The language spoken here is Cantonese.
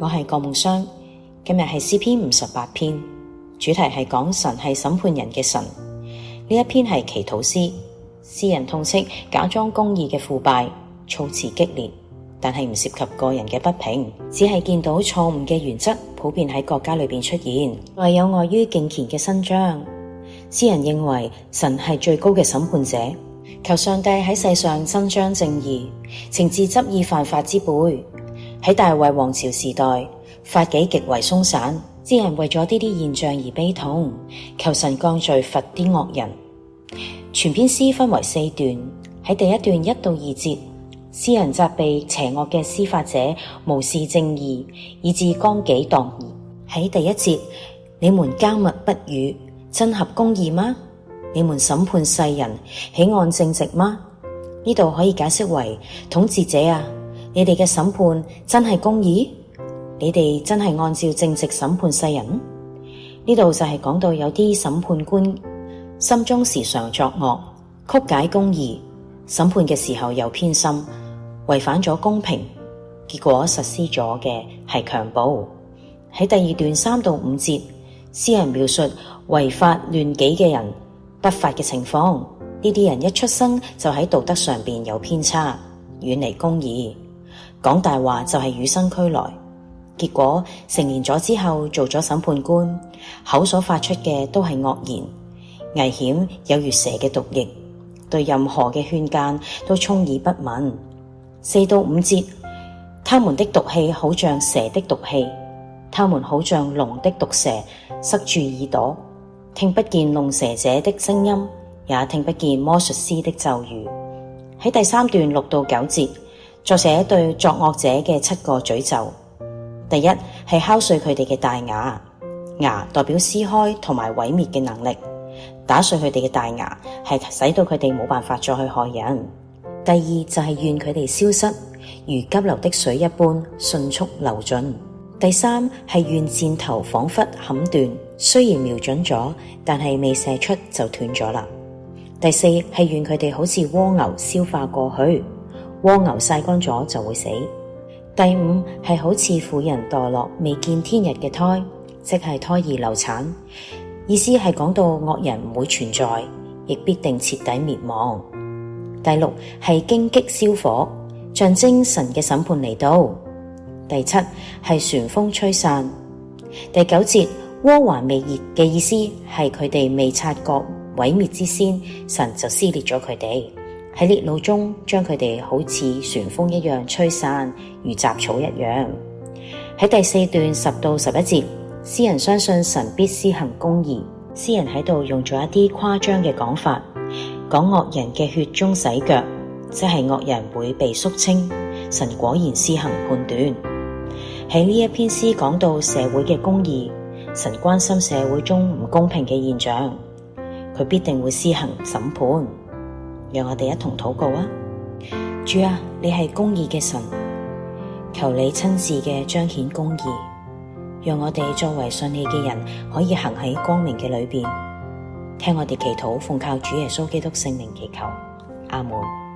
我係郭夢雙，今日係詩篇五十八篇，主題係講神係審判人嘅神。呢一篇係祈禱詩，詩人痛斥假裝公義嘅腐敗，措辭激烈，但係唔涉及個人嘅不平，只係見到錯誤嘅原則普遍喺國家裏面出現，唯有礙於敬虔嘅伸張。詩人認為神係最高嘅審判者，求上帝喺世上伸張正義，懲治執意犯法之輩。喺大衛王朝時代，法紀極為鬆散，詩人為咗呢啲現象而悲痛，求神降罪罰啲惡人。全篇詩分為四段，喺第一段一到二節，詩人責備邪惡嘅司法者無視正義，以致綱紀蕩然。喺第一節，你們緘默不語，真合公義嗎？你們審判世人，豈按正直嗎？呢度可以解釋為統治者啊。你哋嘅審判真係公義？你哋真係按照正直審判世人？呢度就係講到有啲審判官心中時常作惡，曲解公義，審判嘅時候又偏心，違反咗公平，結果實施咗嘅係強暴。喺第二段三到五節，詩人描述違法亂紀嘅人不法嘅情況。呢啲人一出生就喺道德上面有偏差，遠離公義。講大話就係與生俱來，結果成年咗之後做咗審判官，口所發出嘅都係惡言，危險有如蛇嘅毒液，對任何嘅勸諫都充耳不聞。四到五節，他們的毒氣好像蛇的毒氣，他們好像聾的毒蛇，塞住耳朵，聽不見弄蛇者的聲音，也聽不見魔術師的咒語。喺第三段六到九節。作者對作惡者嘅七個詛咒：第一係敲碎佢哋嘅大牙，牙代表撕開同埋毀滅嘅能力，打碎佢哋嘅大牙係使到佢哋冇辦法再去害人。第二就係願佢哋消失，如急流的水一般迅速流盡。第三係願箭頭仿佛折斷，雖然瞄準咗，但係未射出就斷咗啦。第四係願佢哋好似蝸牛消化過去。蝸牛曬乾咗就會死。第五係好似婦人墮落未見天日嘅胎，即係胎兒流產。意思係講到惡人唔會存在，亦必定徹底滅亡。第六係荊棘燒火，象徵神嘅審判嚟到。第七係旋風吹散。第九節鍋還未熱嘅意思係佢哋未察覺毀滅之先，神就撕裂咗佢哋。喺烈怒中，將佢哋好似旋風一樣吹散，如雜草一樣。喺第四段十到十一節，詩人相信神必施行公義。詩人喺度用咗一啲誇張嘅講法，講惡人嘅血中洗腳，即係惡人會被肅清。神果然施行判斷。喺呢一篇詩講到社會嘅公義，神關心社會中唔公平嘅現象，佢必定會施行審判。讓我哋一同禱告啊！主啊，你係公義嘅神，求你親自嘅彰顯公義，讓我哋作為信你嘅人可以行喺光明嘅裏邊。聽我哋祈禱，奉靠主耶穌基督聖名祈求，阿門。